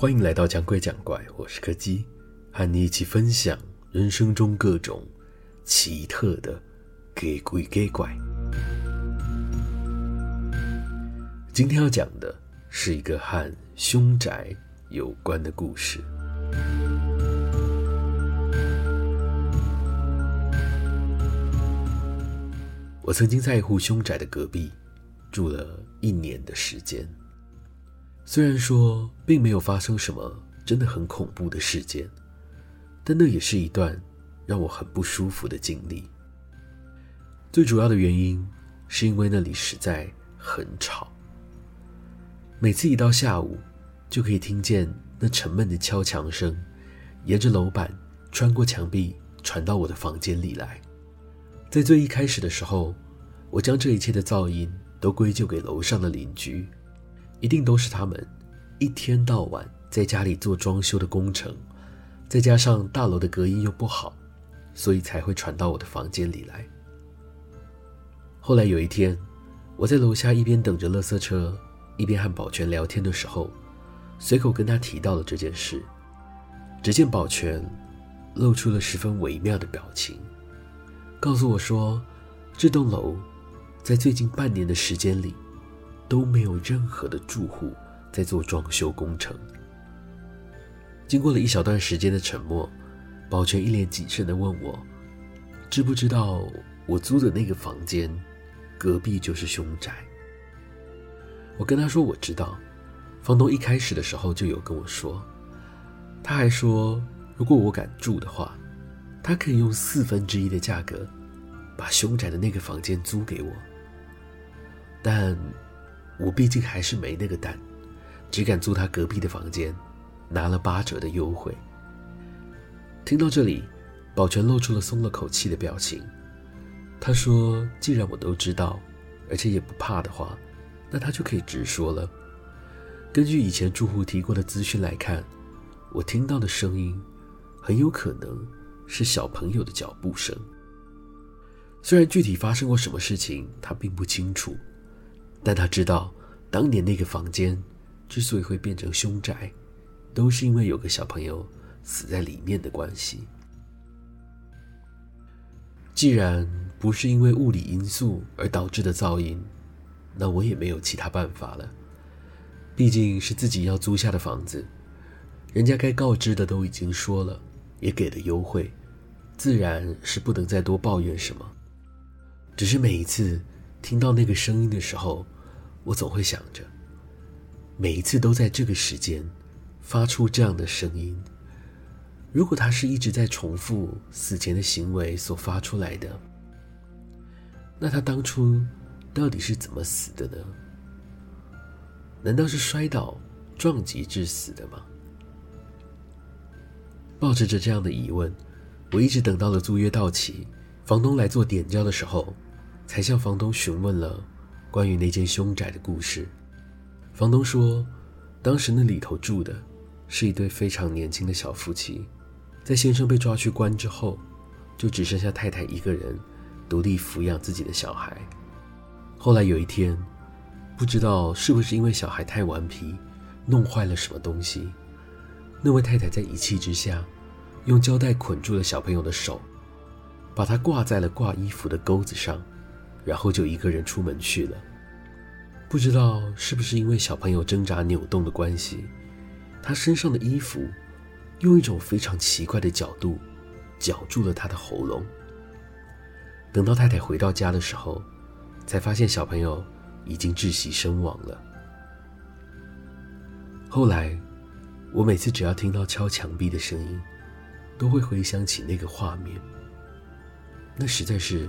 歡迎來到講鬼講怪，我是柯基，和你一起分享人生中各種奇特的鬼鬼怪怪。今天要講的是一個和凶宅有關的故事。我曾經在一戶凶宅的隔壁住了一年的時間。雖然說並沒有發生什麼真的很恐怖的事件，但那也是一段讓我很不舒服的經歷。最主要的原因是因為那裡實在很吵。每次一到下午，就可以聽見那沉悶的敲牆聲，沿着樓板穿過牆壁傳到我的房間裡來。在最一開始的時候，我將這一切的噪音都歸咎給樓上的鄰居。一定都是他們，一天到晚在家裡做裝修的工程，再加上大樓的隔音又不好，所以才會傳到我的房間裡來。後來有一天，我在樓下一邊等着垃圾車，一邊和保全聊天的時候，隨口跟他提到了這件事，只見保全露出了十分微妙的表情，告訴我說，這棟樓在最近半年的時間裡，都沒有任何的住戶在做裝修工程。經過了一小段時間的沉默，保全一臉謹慎的問我：“知不知道我租的那個房間，隔壁就是凶宅？”我跟他說我知道，房東一開始的時候就有跟我說，他還說如果我敢住的話，他可以用四分之一的價格把凶宅的那個房間租給我，但，我畢竟還是沒那個膽，只敢租他隔壁的房間，拿了八折的優惠。聽到這裡，保全露出了鬆了口氣的表情。他說：“既然我都知道，而且也不怕的話，那他就可以直說了。根據以前住戶提過的資訊來看，我聽到的聲音很有可能是小朋友的腳步聲。雖然具體發生過什麼事情，他並不清楚。”但他知道，當年那個房間之所以會變成凶宅，都是因為有個小朋友死在裡面的關係。既然不是因為物理因素而導致的噪音，那我也沒有其他辦法了。畢竟是自己要租下的房子，人家該告知的都已經說了，也給了優惠，自然是不能再多抱怨什麼。只是每一次，聽到那個聲音的時候，我總會想着，每一次都在這個時間發出這樣的聲音。如果他是一直在重複死前的行為所發出來的，那他當初到底是怎麼死的呢？難道是摔倒撞擊致死的嗎？抱持著這樣的疑問，我一直等到了租約到期，房東來做點交的時候。才向房東詢問了關於那間凶宅的故事。房東說，當時那裡頭住的是一對非常年輕的小夫妻，在先生被抓去關之後，就只剩下太太一個人，獨立撫養自己的小孩。後來有一天，不知道是不是因為小孩太頑皮，弄壞了什麼東西，那位太太在一氣之下，用膠帶捆住了小朋友的手，把他掛在了掛衣服的鈎子上。然後就一個人出門去了，不知道是不是因為小朋友掙扎扭動的關係，他身上的衣服用一種非常奇怪的角度絞住了他的喉嚨。等到太太回到家的時候，才發現小朋友已經窒息身亡了。後來，我每次只要聽到敲牆壁的聲音，都會回想起那個畫面，那實在是……